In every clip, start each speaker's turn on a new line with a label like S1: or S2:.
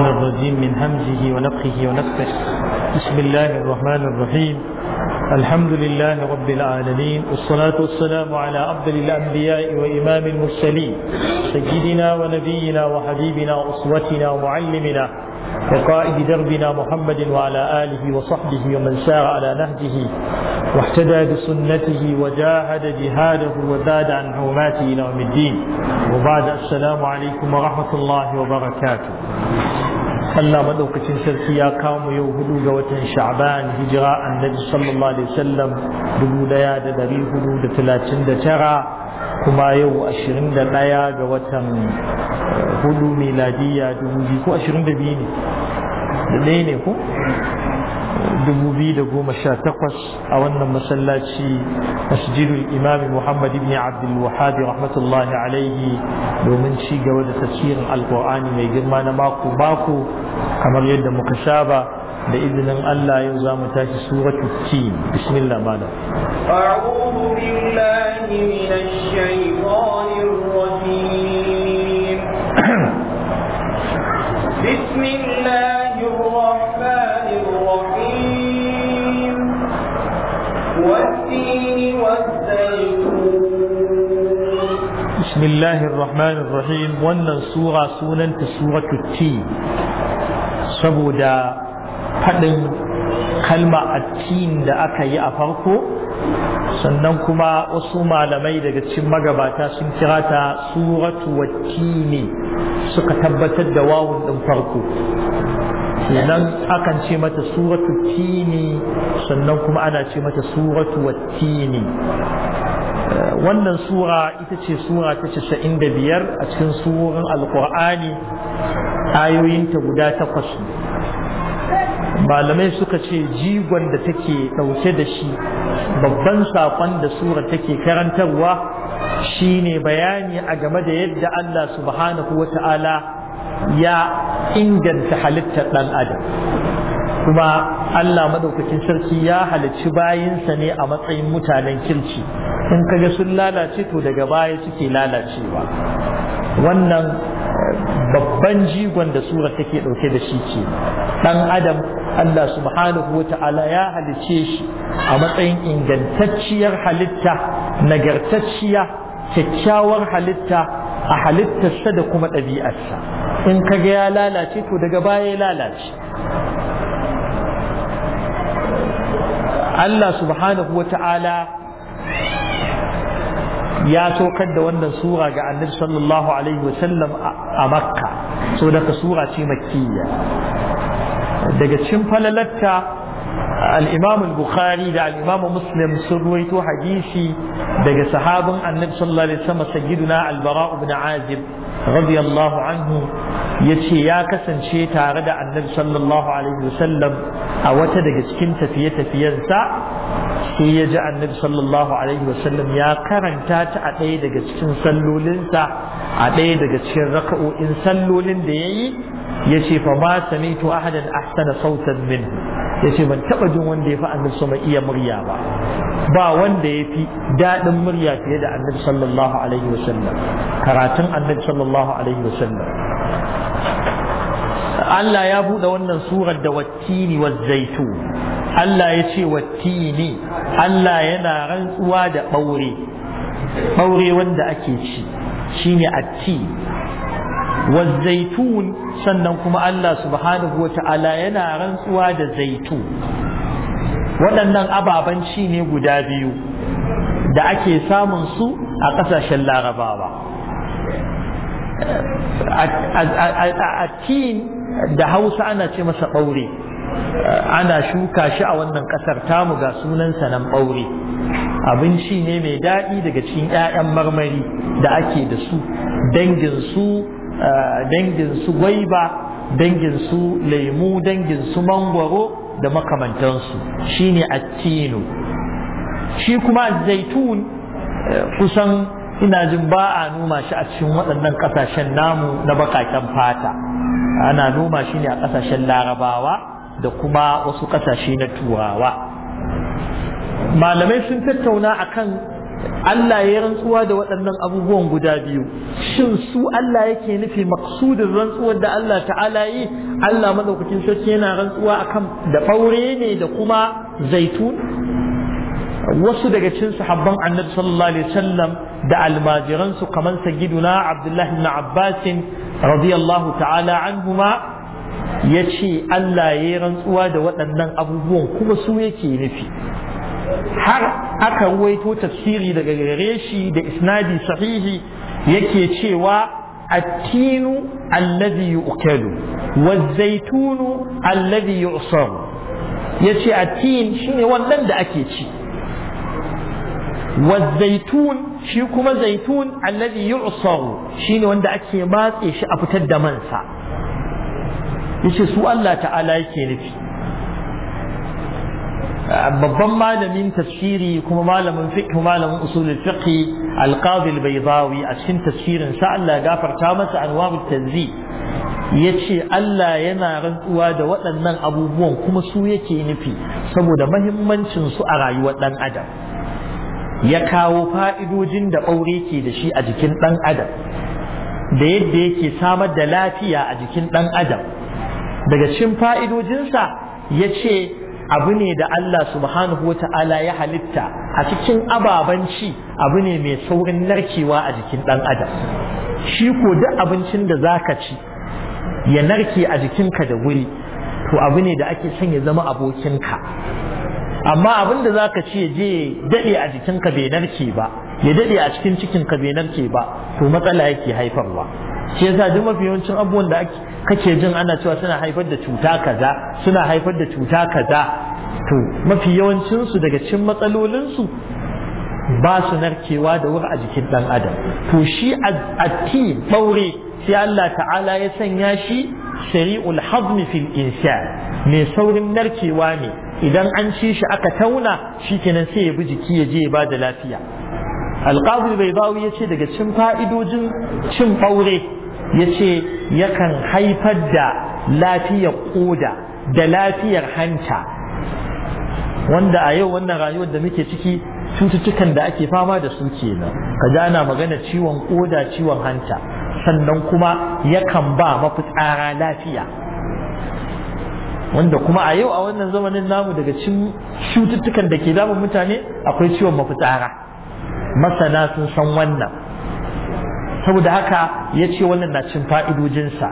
S1: الشيطان الرجيم من همزه ونفخه ونفخه بسم الله الرحمن الرحيم الحمد لله رب العالمين والصلاة والسلام على أفضل الأنبياء وإمام المرسلين سيدنا ونبينا وحبيبنا وأسوتنا ومعلمنا وقائد دربنا محمد وعلى آله وصحبه ومن سار على نهجه واحتدى بسنته وجاهد جهاده وزاد عن حوماته إلى يوم الدين وبعد السلام عليكم ورحمة الله وبركاته صلى مدوكة شركية قام يوهدو جوة شعبان هجراء النبي صلى الله عليه وسلم بلو ليادة دريه بلو دفلات kuma yau 21 ga watan eh, hudu miladiyya 2000 ko 22 ne da ne ku 2018 a wannan masallaci masjidul imami muhammad ibn abdul wahhab rahmatullahi alaihi domin ci gaba da tafsirin alkur'ani mai girma na mako mako kamar yadda muka saba da izinin Allah yau za mu tashi suratu tin bismillah mala
S2: a'udhu billahi minash shaitanir rajim bismillahir rahmanir rahim والتين والزيتون
S1: بسم الله الرحمن الرحيم wannan sura sunanta suratul tin saboda faɗin kalma a tin da aka yi a farko sannan kuma wasu malamai daga cikin magabata sun kira ta suratu wattini suka tabbatar da wawun ɗin farko kenan akan ce mata suratu tini sannan kuma ana ce mata suratu watini wannan sura ita ce sura ta casa'in da biyar a cikin suran alkur'ani ayoyinta guda takwas malamai suka ce jigon da take ɗauke da shi babban saƙon da sura take karantarwa shine bayani a game da yadda Allah subhanahu wa ta'ala ya inganta halittar ɗan adam kuma Allah maɗaukacin sarki ya halicci bayinsa ne a matsayin mutanen kirki in kaga sun lalace to daga baya suke lalacewa wannan babban jigon da sura take ɗauke da shi ce ɗan adam Allah subhanahu wa ya halice shi a matsayin ingantacciyar halitta nagartacciya kyakkyawar halitta a halittarsa da kuma ɗabi'arsa in ka ga ya lalace to daga baya ya lalace Allah subhanahu wa ya saukar da wannan sura ga annabi sallallahu alaihi sallam a makka so daga sura ce makkiya daga cin falalatta al-imam al-bukhari da al-imam muslim sun ruwaito hadisi daga sahabin annabi sallallahu alaihi wasallam sayyiduna al-bara ibn azib radiyallahu anhu Yace ya kasance tare da annabi sallallahu alaihi wasallam a wata daga cikin tafiye-tafiyensa sai ya ji annabi sallallahu alaihi wasallam ya karanta ta a ɗaya daga cikin sallolinsa a ɗaya daga cikin raka'o'in sallolin da ya yi ya ce fa ma samitu ahadan ahsana sautan min ya ce ban taɓa jin wanda ya fi annabi sama iya murya ba ba wanda ya fi daɗin murya fiye da annabi sallallahu alaihi wasallam karatun annabi sallallahu alaihi wasallam Allah ya buɗe wannan surar da wattini wa zaitu Allah ya ce wattini Allah yana rantsuwa da ɓaure ɓaure wanda ake ci shine atti wa zaitun sannan kuma Allah subhanahu wata'ala yana rantsuwa da zaitu waɗannan ababen ci ne guda biyu da ake samun su a ƙasashen larabawa a tin da hausa ana ce masa ɓaure ana shuka shi a wannan ƙasar tamu ga sunansa nan ɓaure abinci ne mai daɗi daga cikin 'ya'yan marmari da ake da su eh, dangin su gwaiba dangin su lemu dangin su mangwaro da makamantansu shine attinu shi kuma zaitun eh, kusan ina jin ba a noma shi a cikin waɗannan ƙasashen namu na baƙaƙen fata ana noma shi ne a ƙasashen larabawa da kuma wasu ƙasashe na turawa malamai sun tattauna akan Allah ya rantsuwa da waɗannan abubuwan guda biyu shin su Allah yake nufi maksudin rantsuwar da Allah ta'ala yi Allah madaukakin sarki yana rantsuwa akan da ɓaure ne da kuma zaitun wasu daga cikin sahabban annabi sallallahu alaihi wasallam da almajiran su kaman sayyiduna abdullahi ibn abbas radiyallahu ta'ala anhuma yace Allah yayi rantsuwa da waɗannan abubuwan kuma su yake nufi har aka rwaito tafsiri daga gare shi da isnadi sahihi yake cewa التين الذي يؤكل والزيتون الذي يعصر يتي التين شنو wannan da ake ci والزيتون شي كما زيتون الذي يعصر شي وندا اكي shi شي افتر da man sa yace su Allah ta'ala yake nufi babban malamin tafsiri kuma malamin fiqh malamin usulul fiqh al-qadi al-baydawi a cikin tafsirin sa Allah gafarta masa anwarut tanzi yace Allah yana rantsuwa da waɗannan abubuwan kuma su yake nufi saboda mahimmancin su a rayuwar dan adam ya kawo fa'idojin da aure ke da shi a jikin ɗan adam da yadda yake samar da lafiya a jikin ɗan adam daga cin fa'idojinsa ya ce abu ne da Allah subhanahu wa ta'ala ya halitta a cikin ababanci abu ne mai saurin narkewa a jikin ɗan adam shi ko duk abincin da za ka ci ya narke a jikinka da wuri to abu ne da ake son ya zama abokinka amma abin da za zaka ce je daɗe a jikin ka bai narke ba ya dade a cikin cikin ka bai narke ba to matsala yake haifarwa shi yasa duk mafi yawancin abubuwan da kake jin ana cewa suna haifar da cuta kaza suna haifar da cuta kaza to mafi yawancin su daga cikin matsalolin su ba su narkewa da wuri a jikin ɗan adam to shi ti baure sai Allah ta'ala ya sanya shi shari'ul hazmi fil insan mai saurin narkewa ne idan an ci shi aka tauna shi kenan sai ya bi jiki ya je ya ba da lafiya alƙazir bai bawu ya ce daga cin fa'idojin cin faure ya ce yakan haifar da lafiyar koda da lafiyar hanta wanda a yau wannan rayuwar da muke ciki cututtukan da ake fama da su kenan kaga ana magana ciwon koda ciwon hanta sannan kuma yakan ba mafitsara lafiya wanda kuma a yau a wannan zamanin namu daga cikin cututtukan da ke damun mutane akwai ciwon mafitsara masana sun san wannan saboda haka ya ce wannan na cin fa'idojinsa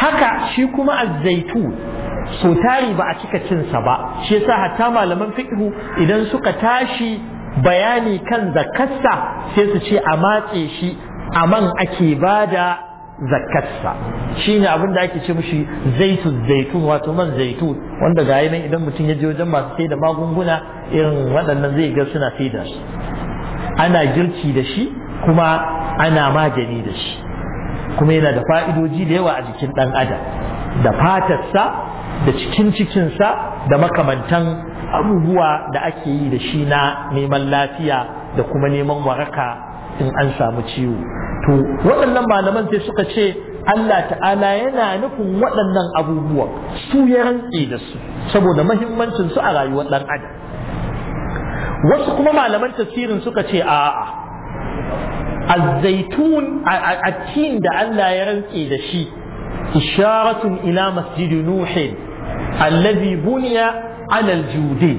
S1: haka shi kuma azzaitu so tari ba a cika cinsa ba shi yasa hatta malaman fiqhu idan suka tashi bayani kan zakarsa sai su ce a matse shi a man ake bada shi ne abin da ake ce mushi zaitun zaitun wato man zaitun wanda ga nan idan mutum ya je wajen masu sai da magunguna irin waɗannan zai ga suna sai da ana girki da shi kuma ana magani da shi kuma yana da fa'idoji da yawa a jikin ɗan adam da fatarsa da cikin cikinsa da makamantan abubuwa da ake yi da shi na neman lafiya da kuma neman waraka in an samu ciwo to waɗannan malaman sai suka ce Allah ta'ala yana nufin waɗannan abubuwa su ya rantse da su saboda mahimmancin su a rayuwar ɗan adam wasu kuma malaman tafsirin suka ce a'a a attin da Allah ya rantse da shi isharatun ila masjidi nuhin allazi buniya alal judi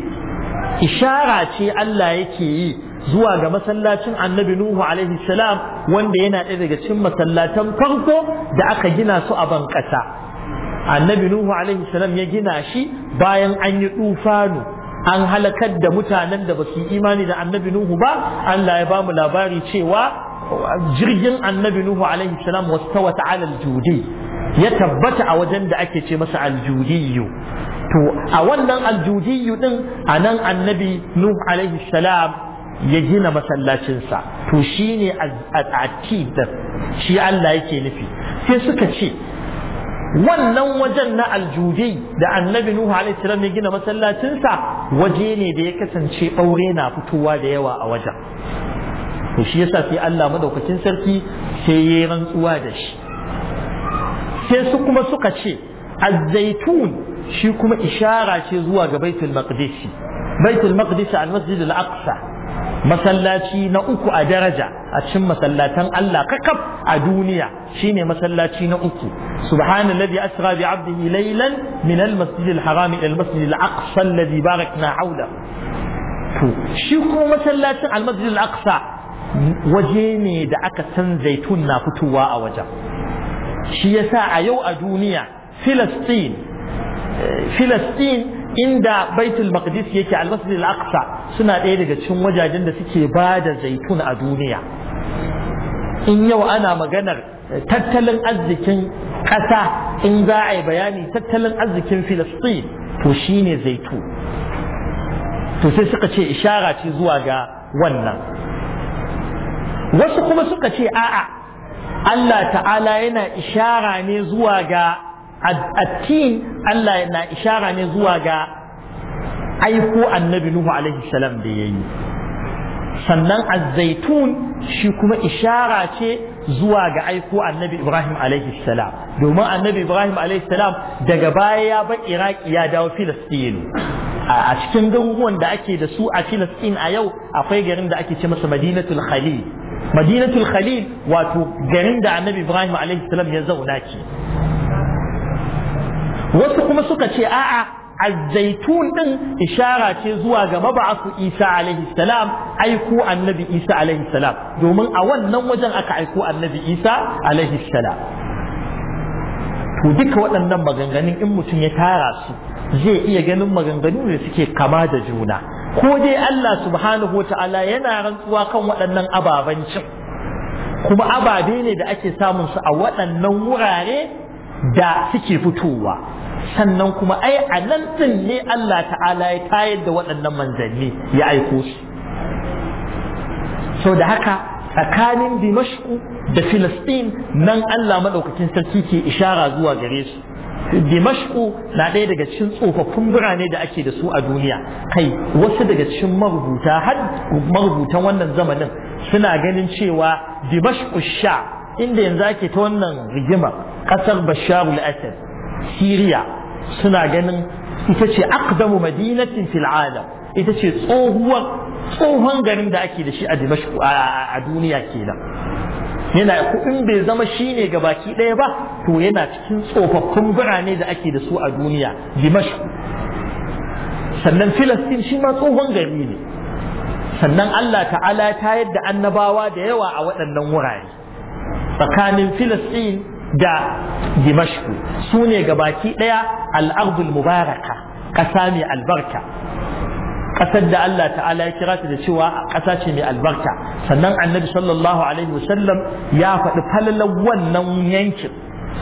S1: ishara ce Allah yake yi zuwa ga masallacin annabi Nuhu alaihi salam wanda yana ɗaya daga cikin masallatan farko da aka gina su a bankasa annabi Nuhu alaihi salam ya gina shi bayan an yi ɗufanu. an halakar da mutanen da ba su yi imani da annabi Nuhu ba Allah ya bamu labari cewa jirgin annabi Nuhu alaihi salam wastawat aljudi ya tabbata a wajen da ake ce masa aljudiyu to a wannan aljudiyu a anan annabi Nuhu alaihi salam ya gina masallacinsa to shi ne da shi Allah yake nufi sai suka ce wannan wajen na aljudai da annabi Nuhu alaihi ya gina masallacinsa waje ne da ya kasance ɓaure na fitowa da yawa a wajen to shi yasa sai Allah madaukakin sarki sai ya yi rantsuwa da shi sai su kuma suka ce azzaitun shi kuma ishara ce zuwa ga baitul maqdisi baitul maqdisi al masjid al aqsa masallaci na uku a daraja a cikin masallatan Allah kakaf a duniya shine masallaci na uku subhanallazi asra bi 'abdihi laylan min al-masjid ila al-masjid aqsa alladhi barakna hawla to shi kuma masallacin al-masjid waje ne da aka san zaitun na fitowa a wajen shi yasa a yau a duniya Filistin eh, Filistin inda baitul maqdis yake al-masjid al-aqsa suna ɗaya daga cikin wajajen da suke ba da zaitun a duniya in yau ana maganar eh, tattalin arzikin ƙasa in za a yi bayani tattalin arzikin filistin to ne zaitu to sai suka ce ishara ce zuwa ga wannan wasu kuma suka ce a'a Allah ta'ala yana ishara ne zuwa ga attin Allah na ishara ne zuwa ga aiko annabi Nuhu alaihi salam da yayi sannan azzaitun shi kuma ishara ce zuwa ga aiko annabi Ibrahim alaihi salam domin annabi Ibrahim alaihi salam daga baya ya bar Iraki ya dawo Filistin a cikin garuruwan da ake da su a Filistin a yau akwai garin da ake ce masa Madinatul Khalil Madinatul Khalil wato garin da annabi Ibrahim alaihi salam ya zauna ce wasu kuma suka ce a'a azzaitun din ishara ce zuwa ga mab'asu Isa alaihi salam aiko annabi Isa alaihi salam domin a wannan wajen aka aiko annabi Isa alaihi salam to duka waɗannan maganganun in mutum ya tara su zai iya ganin maganganu da suke kama da juna ko dai Allah subhanahu wa ta'ala yana rantsuwa kan waɗannan ababancin kuma ababe ne da ake samun su a waɗannan wurare da suke fitowa sannan kuma ai a nan din ne Allah ta'ala ya tayar da waɗannan manzanni ya aiko su sau da haka tsakanin dimashku da filistin nan Allah maɗaukakin sarki ke ishara zuwa gare su dimashku na ɗaya daga cikin tsofaffin birane da ake da su a duniya kai wasu daga cikin marubuta har marubutan wannan zamanin suna ganin cewa dimashku sha inda yanzu ake ta wannan rigimar. ƙasar basharul asad siriya suna ganin ita ce aqdamu madinatin fil alam ita ce tsohuwar tsohon garin da ake da shi a dimashku a duniya kenan yana in bai zama shine gabaki ɗaya ba to yana cikin tsofaffin birane da ake da su a duniya dimashku sannan filastin shi ma tsohon gari ne sannan Allah ta'ala ta yadda annabawa da yawa a waɗannan wurare tsakanin filistin da dimashku su ne gabaki ɗaya al'ardul mubaraka ƙasa mai albarka ƙasar da Allah ta'ala ya kira ta da cewa ƙasa ce mai albarka sannan annabi sallallahu alaihi wasallam ya faɗi falalar wannan yankin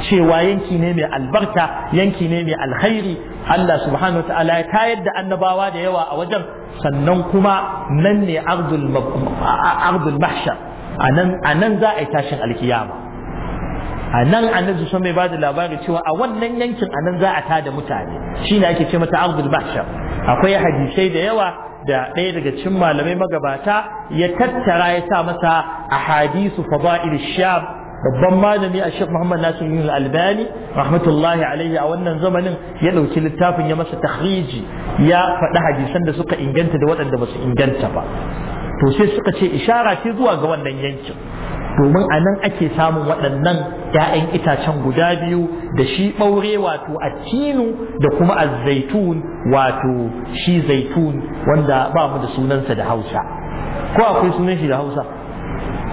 S1: cewa yanki ne mai albarka yanki ne mai alkhairi Allah subhanahu ta'ala ya tayar da annabawa da yawa a wajen sannan kuma nan ne ardul mahshar a nan za a yi tashin alkiyama a nan annabi sun mai bada labari cewa a wannan yankin a nan za a tada mutane shine ake ce mata ardul mahshar akwai hadisai da yawa da ɗaya daga cikin malamai magabata ya tattara ya sa masa ahadisu fada'il sham babban malami a shek Muhammad Nasir Yunus Albani rahmatullahi alaihi a wannan zamanin ya ɗauki littafin ya masa tahriji ya faɗi hadisan da suka inganta da waɗanda ba su inganta ba to sai suka ce ishara ce zuwa ga wannan yankin domin a nan ake samun waɗannan ‘ya'yan itacen guda biyu da shi ɓaure wato attinu da kuma a zaitun wato shi zaitun wanda ba mu da sunansa da hausa ko akwai sunan shi da hausa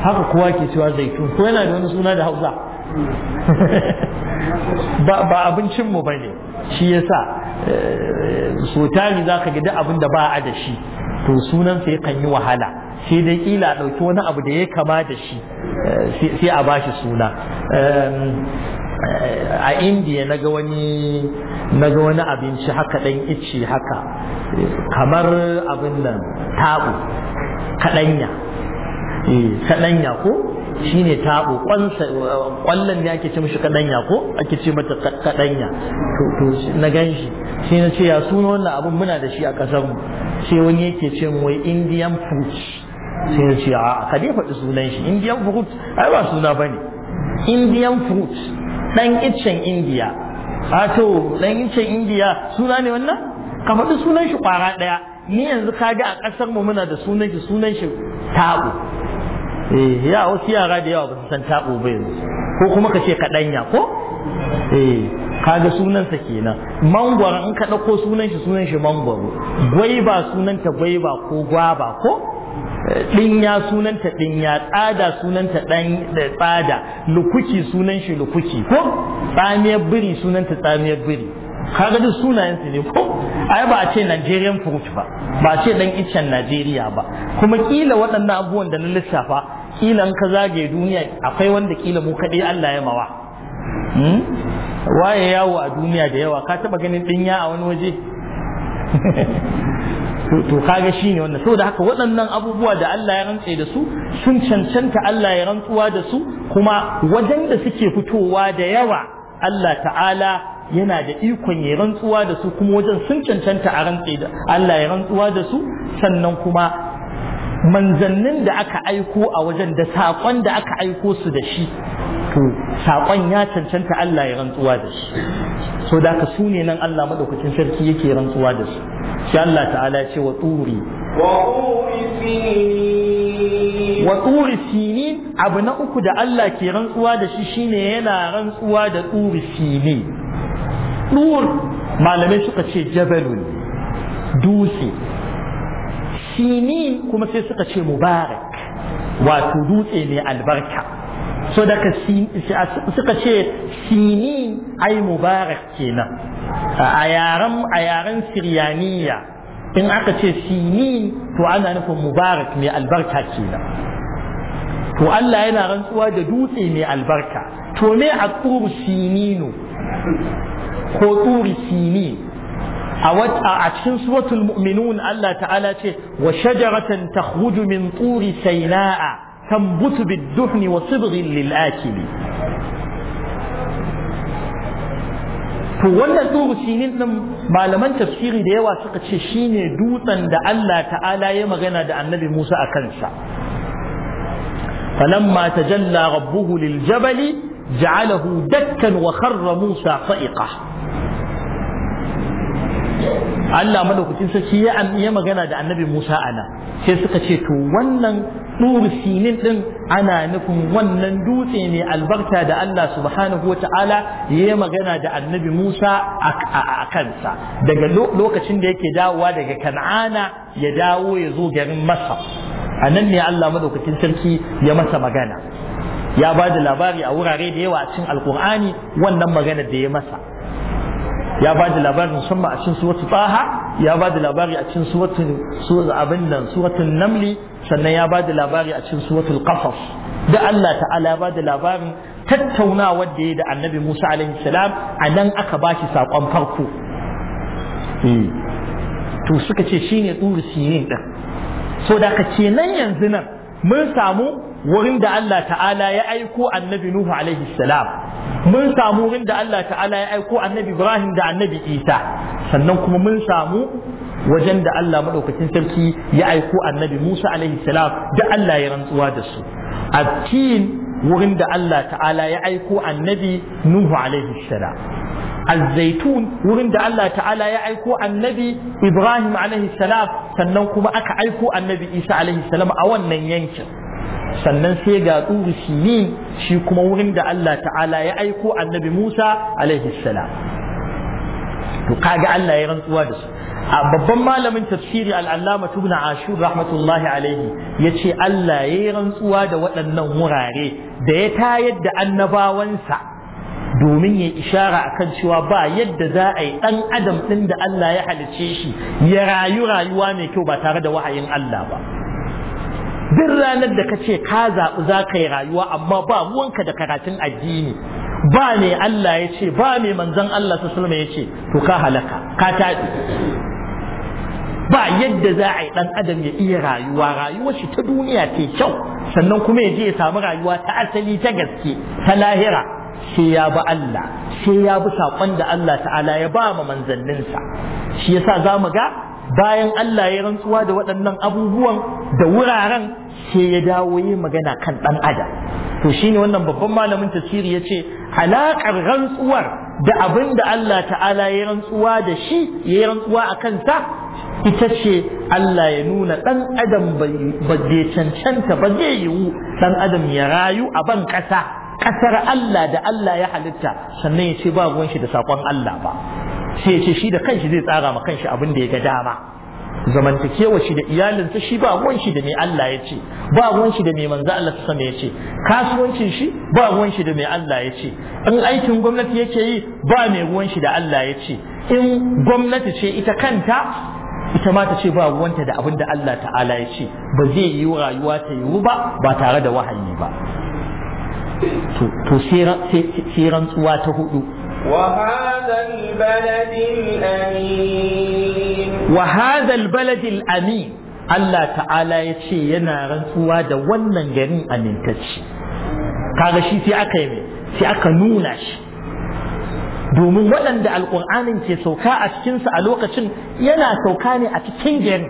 S1: haka kowa ke cewa zaitun ko yana da wani suna da hausa ba abincin ba ne shi yasa sa, eh, Sotani za ka ga duk abin da ba a da shi to sunansa yakan yi wahala sai dai kila ɗauki wani abu da ya kama da shi eh, sai a bashi suna ehm, eh, a indiya na ga wani naga wani abinci haka ɗan icce haka kamar abin nan taɓo kaɗanya eh, kaɗanya ko shi ne taɓo ƙwallon ne ake ce mishi kaɗanya ko ake ce mata kaɗanya to na gan shi na ce ya suna wannan abin muna da shi a ƙasarmu sai wani yake ce wai indian food sai ya ce a ka dai faɗi sunan shi indian fruit ai ba suna ba ne indian fruit ɗan iccen indiya a to ɗan iccen indiya suna ne wannan ka faɗi sunan shi ƙwara ɗaya ni yanzu ka ga a ƙasar mu muna da sunan shi sunan shi taɓo eh ya wasu yara da yawa ba su san taɓo ba yanzu ko kuma ka ce kaɗanya ko eh kaga sunansa kenan mangwaro in ka ɗauko sunan shi sunan shi mangwaro gwaiba sunanta gwaiba ko gwaba ko ɗinya sunanta ɗinya tsada sunanta ɗan tsada lukuki sunan shi lukuki ko tsamiyar biri sunanta tsamiyar biri kaga duk sunayen su ne ko ai ba a ce Nigerian fruit ba ba a ce dan iccen Najeriya ba kuma kila waɗannan abubuwan da na lissafa kila in ka zage duniya akwai wanda kila mu kaɗai Allah ya mawa hmm? waye yawo a duniya da yawa ka taɓa ganin ɗinya a wani waje to kaga shine wannan saboda haka waɗannan abubuwa da Allah ya rantse da su sun cancanta Allah ya rantsuwa da su kuma wajen da suke fitowa da yawa Allah ta'ala yana da ikon ya rantsuwa da su kuma wajen sun cancanta a rantse da Allah ya rantsuwa da su sannan kuma manzannin da aka aiko a wajen da saƙon da aka aiko su da shi to saƙon ya cancanta Allah ya rantsuwa da shi so da ka sune nan Allah madaukakin sarki yake rantsuwa da shi Allah ta'ala ce wa turi wa turi sini abu na uku da Allah ke rantsuwa da shi shine yana rantsuwa da turi sini tur malamai suka ce jabalun dutse sini kuma sai suka ce mubarak wato dutse ne albarka so daga suka ce sini ai mubarak kenan a yaren a yaren siryaniya in aka ce sini to ana nufin mubarak mai albarka kenan to Allah yana rantsuwa da dutse mai albarka to me a turu sininu ko turu sini a cikin suratul mu'minun Allah ta'ala ce wa shajaratan takhruju min turi saina'a تنبت بالدهن وصبغ للآكل فوالا سوغ سينين ما معلما تفسيري ديوا سقة شين دوتا دا ألا تعالى يمغنى دا النبي موسى أكنسا فلما تجلى ربه للجبل جعله دكا وخر موسى صائقة Allah madaukakin sarki ya yi magana da annabi Musa ana sai suka ce to wannan ɗuri sinin ɗin ana nufin wannan dutse ne albarka da Allah subhanahu wa ta'ala ya yi magana da annabi Musa a kansa daga lokacin da yake dawowa daga kan'ana ya dawo ya zo garin masa. a nan ne Allah madaukakin sarki ya masa magana ya ba da labari a wurare da yawa a cikin alkur'ani wannan magana da ya masa ya ba da labari musamman a cikin suratu taha ya ba da labari a cikin suratu abin nan suratun namli sannan ya ba da labari a cikin suratul qasas da Allah ta'ala ba da labarin tattaunawa da ya da annabi Musa alaihi salam a nan aka ba shi saƙon farko hmm. to suka ce shine tsuri sinin ɗin. so da ka ce nan yanzu nan mun samu wurin da Allah ta'ala ya aiko annabi Nuhu alaihi salam mun samu wurin da Allah ta'ala ya aiko annabi Ibrahim da annabi Isa sannan kuma mun samu wajen da Allah maɗaukacin sarki ya aiko annabi Musa alaihi salam da Allah ya rantsuwa da su attin wurin da Allah ta'ala ya aiko annabi Nuhu alaihi salam الزيتون ورند الله تعالى ya aiko النبي إبراهيم عليه السلام sannan kuma aka aiko annabi isa alaihi salam a wannan yankin sannan sai ga tsuri shi kuma wurin da Allah ta'ala ya aiko annabi musa alaihi salam to kaga Allah ya rantsuwa da su a babban malamin tafsiri al-allama ibn ashur rahmatullahi alaihi ya ce Allah ya rantsuwa da waɗannan wurare da ya tayar da annabawansa domin ya ishara a kan cewa ba yadda za a yi ɗan adam ɗin da Allah ya halice shi ya rayu rayuwa mai kyau ba tare da wahayin Allah ba duk ranar da ka ce ka zaɓi za ka yi rayuwa amma ba ruwanka da karatun addini ba ne Allah ya ce ba mai manzan Allah ta sulma ya ce to ka halaka ka taɗi ba yadda za a yi ɗan adam ya iya rayuwa rayuwar shi ta duniya ta kyau sannan kuma ya je ya samu rayuwa ta asali ta gaske ta lahira sai ya bi Allah sai ya bi saƙon da Allah ta'ala ya ba ma manzanninsa shi yasa za mu ga bayan Allah ya rantsuwa da waɗannan abubuwan da wuraren sai ya dawo yi magana kan ɗan adam to shine wannan babban malamin tasiri ya ce alaƙar rantsuwar da abin da Allah ta'ala ya rantsuwa da shi ya rantsuwa a kansa ita ce Allah ya nuna ɗan adam ba cancanta ba zai yiwu ɗan adam ya rayu a ban ƙasa ƙasar Allah da Allah ya halitta sannan ya ce ba ruwan shi da saƙon Allah ba sai ce shi da kanshi zai tsara ma kanshi abin da ya ga dama zamantakewa shi da iyalinsa shi ba ruwan shi da mai Allah ya ce ba ruwan shi da mai manzo Allah ta sama ya ce kasuwancin shi ba ruwan shi da mai Allah ya ce in aikin gwamnati yake yi ba mai ruwan shi da Allah ya ce in gwamnati ce ita kanta ita ma ta ce ba ruwanta da abin da Allah ta'ala ya ce ba zai yi rayuwa ta yiwu ba ba tare da wahayi ba to sai rantsuwa ta hudu
S2: وهذا البلد الأمين
S1: وهذا البلد الأمين Allah ta'ala ya ce yana rantsuwa da wannan gari amintacci kaga shi sai aka yi sai aka nuna shi domin waɗanda alƙur'anin ke sauka a cikinsa a lokacin yana sauka ne a cikin gari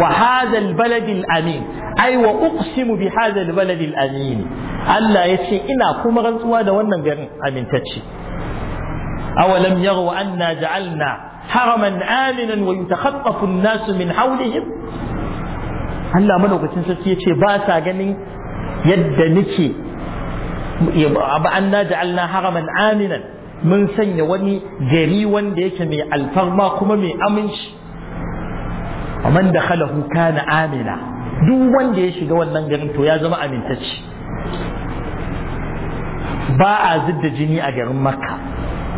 S1: wa hadal baladil amin ai wa uqsimu bi hadal baladil amin Allah ya ce ina kuma rantsuwa da wannan garin amintacce أولم يروا أنا جعلنا حرما آمنا ويتخطف الناس من حولهم Allah madaukakin sarki ya ce ba sa ganin yadda nake abu an na ja'alna haraman aminan mun sanya wani gari wanda yake mai alfarma kuma mai aminci man da khalahu kana amina duk wanda ya shiga wannan garin to ya zama amintacci ba a zidda jini a garin makka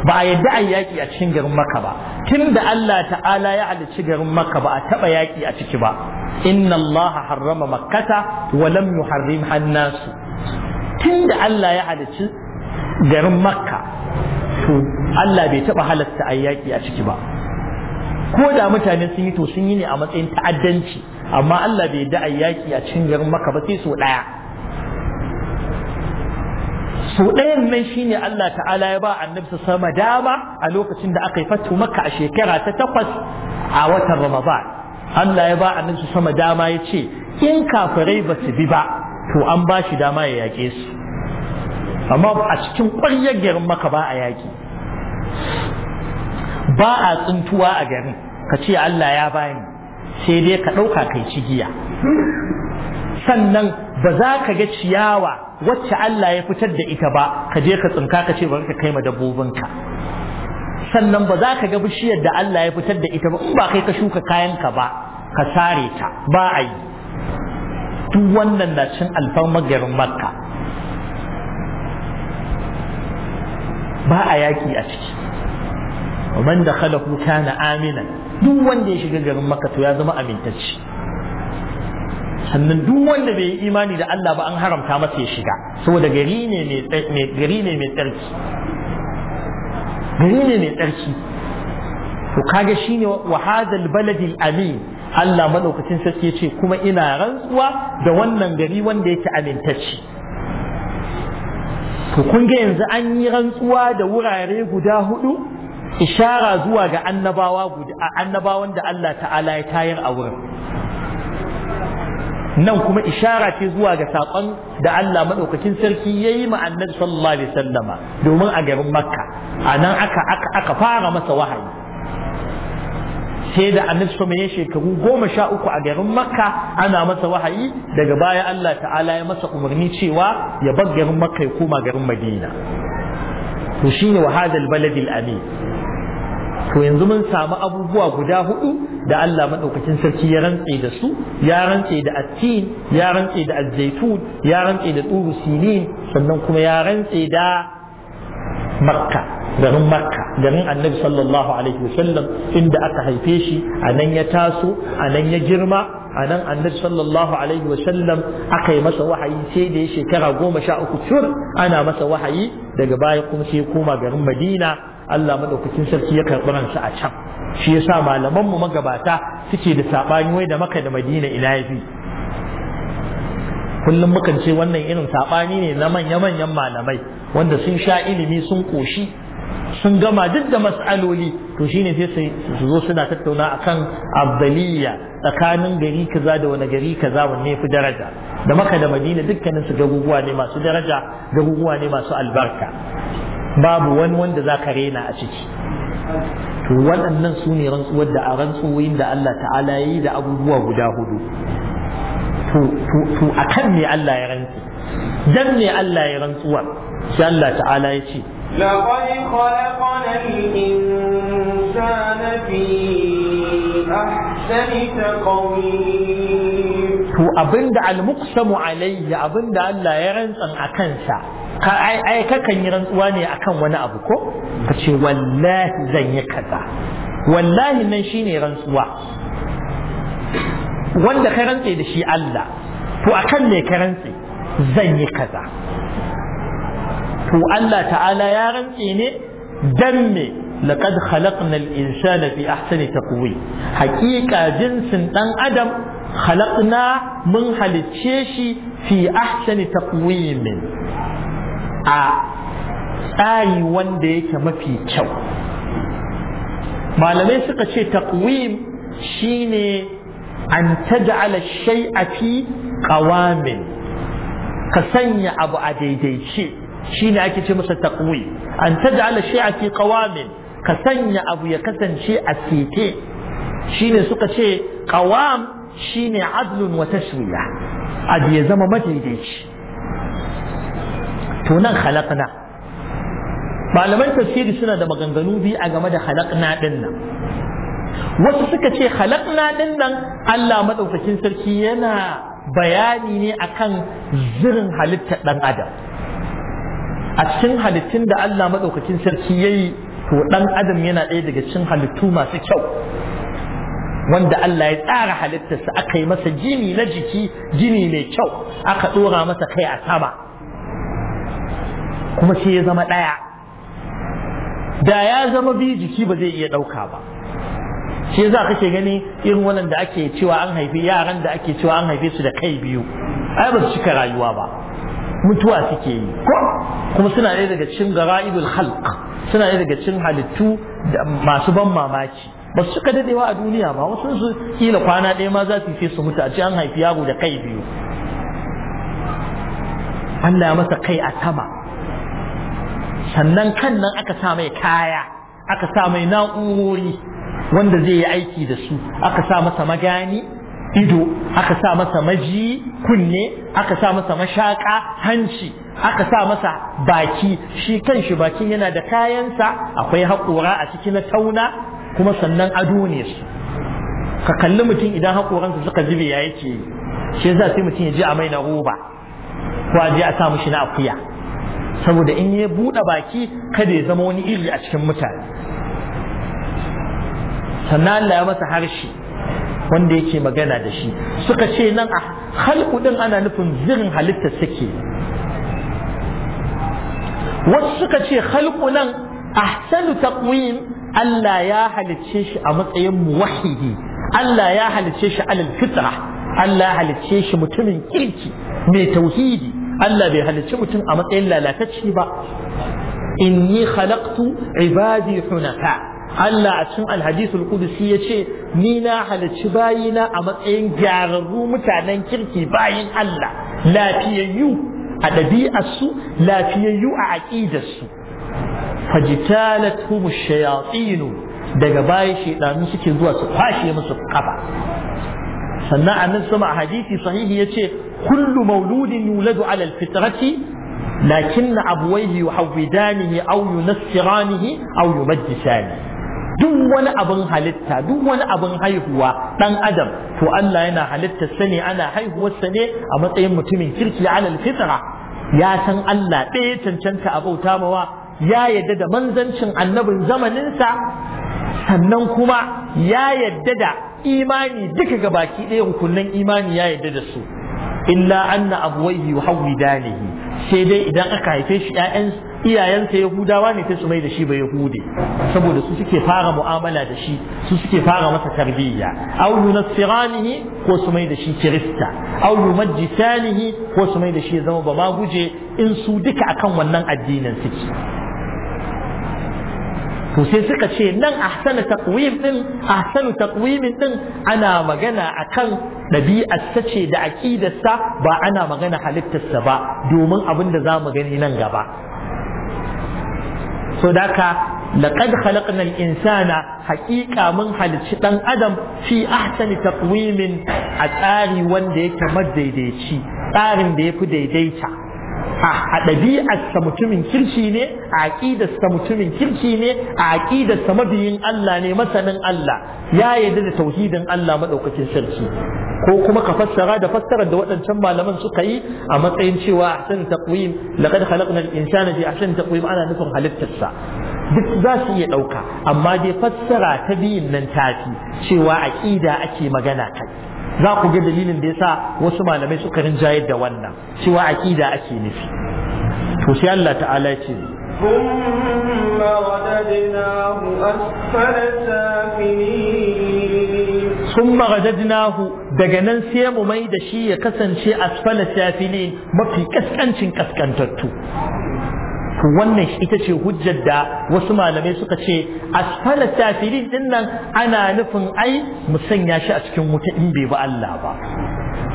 S1: ba a yadda a yaƙi a cikin garin maka ba tun da Allah ta'ala ya halicci garin maka ba a taɓa yaƙi a ciki ba inna Allah harrama makkata wa lam yuharrim hannasu tun da Allah ya halicci garin makka to Allah bai taɓa halatta a yaƙi a ciki ba ko da mutane sun yi to sun yi ne a matsayin ta'addanci amma Allah bai da'a a yaƙi a cikin garin maka ba sai so ɗaya sau ɗayan nan shine Allah ta'ala ya ba annabi sama dama a lokacin da aka yi fatu maka a shekara ta takwas a watan ramadan Allah ya ba annabi sama dama ya ce in kafirai ba su bi ba to an ba shi dama ya yaƙe su amma a cikin ƙwaryar garin maka ba a yaƙi ba a tsintuwa a garin ka ce Allah ya bani sai dai ka ɗauka kai cigiya sannan ba za ka ga ciyawa wacce Allah ya fitar da ita ba ka je ka tsinka ka ce bari ka kai ma dabbobinka sannan ba za ka ga bishiyar da Allah ya fitar da ita ba in ba kai ka shuka kayanka ba ka sare ta ba a yi duk wannan na cin alfarmar garin makka ba a yaki a ciki ومن دخله كان آمنا duk wanda ya shiga garin maka to ya zama amintacci sannan duk wanda bai yi imani da Allah ba an haramta masa ya shiga saboda gari ne mai gari ne mai tsarki gari ne mai tsarki to kaga shine wa hadal baladi amin Allah madaukakin sarki yace kuma ina rantsuwa da wannan gari wanda yake amintacci to kun ga yanzu an yi rantsuwa da wurare guda hudu ishara zuwa ga annabawa guda annabawan da Allah ta'ala ya tayar a wurin nan kuma ishara ce zuwa ga saƙon da Allah maɗaukakin sarki ya yi ma annabi sallallahu alaihi sallama domin a garin makka a nan aka aka aka fara masa wahayi sai da annabi sama ya shekaru goma sha uku a garin makka ana masa wahayi daga baya Allah ta'ala ya masa umarni cewa ya bar garin makka ya koma garin madina to shine wa hadal baladil amin to yanzu mun samu abubuwa guda hudu da Allah maɗaukacin sarki ya rantse da su ya rantse da attin ya rantse da azzaitun ya rantse da turu sannan kuma ya rantse da makka garin makka garin annabi sallallahu alaihi wasallam inda aka haife shi a nan ya taso a nan ya girma a nan annabi sallallahu alaihi wasallam aka yi masa wahayi sai da ya shekara goma sha uku tur ana masa wahayi daga baya kuma sai ya koma garin madina Allah madaukakin sarki ya karɓi ransa a can shi yasa malaman mu magabata suke da sabani wai da maka da Madina ila yafi kullum mukan ce wannan irin saɓani ne na manya manyan malamai wanda sun sha ilimi sun ƙoshi sun gama duk da mas'aloli to shine sai su zo suna tattauna akan abdaliya tsakanin gari kaza da wani gari kaza wanne fi daraja da maka da madina dukkanin su ne masu daraja garuruwa ne masu albarka babu wani wanda za ka rena a ciki to waɗannan su ne rantsuwar da a rantsuwoyin da Allah ta'ala ya yi da abubuwa guda hudu to a kan ne Allah ya rantsu dan ne Allah ya rantsuwa sai Allah ta'ala ya ce
S2: لقد خلقنا الإنسان في أحسن تقويم
S1: abinda al-muqsamu alayhi da Allah ya rantsan a kansa ai ai kakan yi rantsuwa ne akan wani abu ko ka wallahi zan yi kaza wallahi nan shine rantsuwa wanda ka rantse da shi Allah to akan ne ka rantse zan yi kaza to Allah ta'ala ya rantse ne dan me لقد خلقنا الإنسان في أحسن تقويم حقيقة jinsin dan Adam. خلقنا من fi في taqwimin a tsari wanda yake mafi kyau malamai suka ce taqwim shine an taj'ala shay'a fi qawamin ka sanya abu a daidaice shine ake ce masa taqwim an taj'ala shay'a fi qawamin ka sanya abu ya kasance a sike shine suka ce qawam shine adlun wa taswiya abu ya zama madaidaici to nan khalaqna malaman tafsiri suna da maganganu biyu a game da khalaqna din nan wasu suka ce khalaqna din nan Allah madaukakin sarki yana bayani ne akan zirin halittar dan adam a cikin halittun da Allah madaukakin sarki yayi to dan adam yana ɗaya daga cikin halittu masu kyau wanda Allah ya tsara halittarsa aka yi masa jini na jiki jini mai kyau aka ɗora masa kai a sama kuma sai ya zama ɗaya da ya zama biyu jiki ba zai iya ɗauka ba shi za kake gani irin wannan da ake cewa an haifi yaran da ake cewa an haife su da kai biyu ai ba su cika rayuwa ba mutuwa suke yi ko kuma suna ɗaya daga cikin gara'ibul khalq suna ɗaya daga cikin halittu masu ban mamaki ba su suka dadewa a duniya ba wasu su kila kwana ɗaya ma za su fi su mutu a ce an haifi yaro da kai biyu Allah ya masa kai a sama sannan kan nan aka sa mai kaya aka sa mai na'urori wanda zai yi aiki da su aka sa masa magani ido aka sa masa maji kunne aka sa masa mashaka hanci aka sa masa baki shi kan shi bakin yana da kayansa akwai haƙora a ciki na tauna kuma sannan ado ne su ka kalli mutum idan haƙoransa suka zube ya yake shi yasa sai mutum ya ji a mai na roba ko a je a sa mushi na akuya saboda in ya buɗe baki kada ya zama wani iri a cikin mutane sannan Allah ya masa harshe wanda yake magana da shi suka ce nan a halku din ana nufin zirin halittar suke wasu suka ce halku nan ahsanu taqwim Allah ya halicce shi a matsayin muwahidi Allah ya halicce shi alal fitra Allah ya halicce shi mutumin kirki mai tauhidi Allah bai halicci mutum a matsayin lalatacci ba inni khalaqtu ibadi hunafa Allah a cikin alhadisu al yace ni na halicci bayina a matsayin gyararru mutanen kirki bayin Allah lafiyayyu a ɗabi'arsu lafiyayyu a aƙidarsu fajitalat humu shayatinu daga baya shaidanu suke zuwa su kwashe musu kafa sannan annabi sama a hadisi sahihi ce kullu mauludin yuladu ala alfitrati lakin abuwaihi yuhawwidanihi aw yunassiranihi aw yumajjisani duk wani abin halitta duk wani abin haihuwa dan adam to Allah yana halitta sani ana haihuwar ne a matsayin mutumin kirki ala alfitra ya san Allah ɗaya cancanta a bauta mawa ya yadda da manzancin annabin zamaninsa sannan kuma ya yadda da imani duka ga baki ɗaya, hukunan imani ya yadda da su illa anna abuwaihi dalihi sai dai idan aka haife shi ƴaƴan iyayensa yahudawa ne sai su mai da shi ba yahude saboda su suke fara mu'amala da shi su suke fara masa tarbiyya aw yunassiranihi ko su mai da shi kirista aw yumajjisanihi ko su mai da shi zama ba ma guje in su duka akan wannan addinin suke to suka ce nan ahsanu taqwim din ɗin ana magana akan dabi'ar ta ce da aqidarsa ba ana magana halittarsa ba domin abin da za mu gani nan gaba so daka laqad khalaqnal insana haqiqa mun halicci ɗan adam fi ahsani taqwim a tsari wanda yake madaidaici tsarin da yafi daidaita a ɗabi'arsa mutumin kirki ne a aƙidarsa mutumin kirki ne a aƙidarsa mabiyin Allah ne masanin Allah ya yarda da tauhidin Allah maɗaukakin sarki ko kuma ka fassara da fassarar da waɗancan malaman suka yi a matsayin cewa ahsan taqwim laqad khalaqna al-insana fi ahsan taqwim ana nufin halittarsa duk za su iya ɗauka amma dai fassara ta biyun nan tafi cewa aƙida ake magana kai za ku ga dalilin da ya sa wasu malamai suka rinjaye da wannan cewa aqida ake nufi to sai Allah ta'ala ya ce ثم رددناه hu daga nan sai mu mai da shi ya kasance asfala safilin mafi kaskancin kaskantattu wannan ita ce hujjar da wasu malamai suka ce asfala tafiri din nan ana nufin ai mu sanya shi a cikin wuta in bai bi Allah ba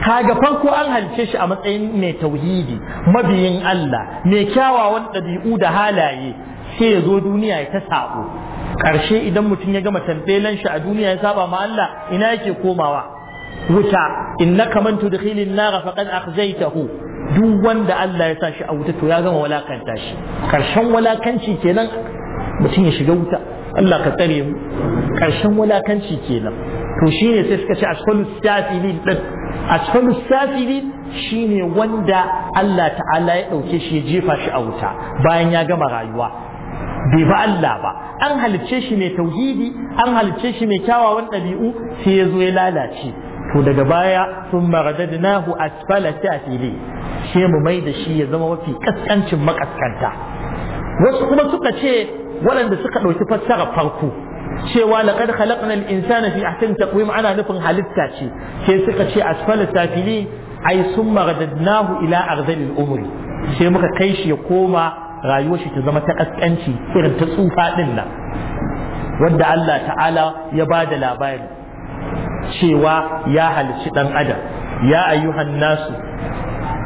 S1: kaga farko an halice shi a matsayin mai tauhidi mabiyin Allah mai kyawawan ɗabi'u da halaye sai ya zo duniya ya ta sabo Karshe idan mutum ya gama tantelan shi a duniya ya saba ma Allah ina yake komawa wuta innaka man tudkhilin nar faqad akhzaytahu duk wanda Allah ya sa shi a wuta to ya gama walakanta shi karshen walakanci kenan mutum ya shiga wuta Allah ka tsare mu karshen walakanci kenan to shine sai suka ce asfalu safilin din asfalu safilin shine wanda Allah ta'ala ya dauke shi ya jefa shi a wuta bayan ya gama rayuwa bai ba Allah ba an halicce shi mai tauhidi an halicce shi mai kyawawan ɗabi'u sai ya zo ya lalace to daga baya sun maradadnahu asfala fili, sai mu mai da shi ya zama mafi kaskancin makaskanta wasu kuma suka ce waɗanda suka ɗauki fassarar farko cewa laqad khalaqna al-insana fi ahsani taqwim ana nufin halitta ce sai suka ce asfala fili ai sun maradadnahu ila arzalil umri sai muka kai shi ya koma rayuwar shi ta zama ta kaskanci irin ta tsufa din nan wanda Allah ta'ala ya ba da labari cewa ya halicci dan adam ya ayyuhan nasu